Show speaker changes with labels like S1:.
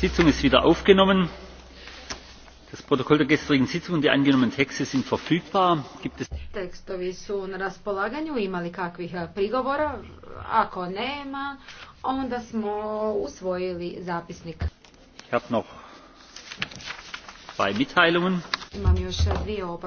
S1: sitzung ist wieder aufgenommen. das protokoll der gestrigen sitzung und die angenommenen texte sind verfügbar. Gibt es...
S2: tekstovi su na raspolaganju imali kakvih eh, prigovora? ako nema onda smo usvojili zapisnik.
S3: ich habe noch zwei mitteilungen. imam
S2: još dvije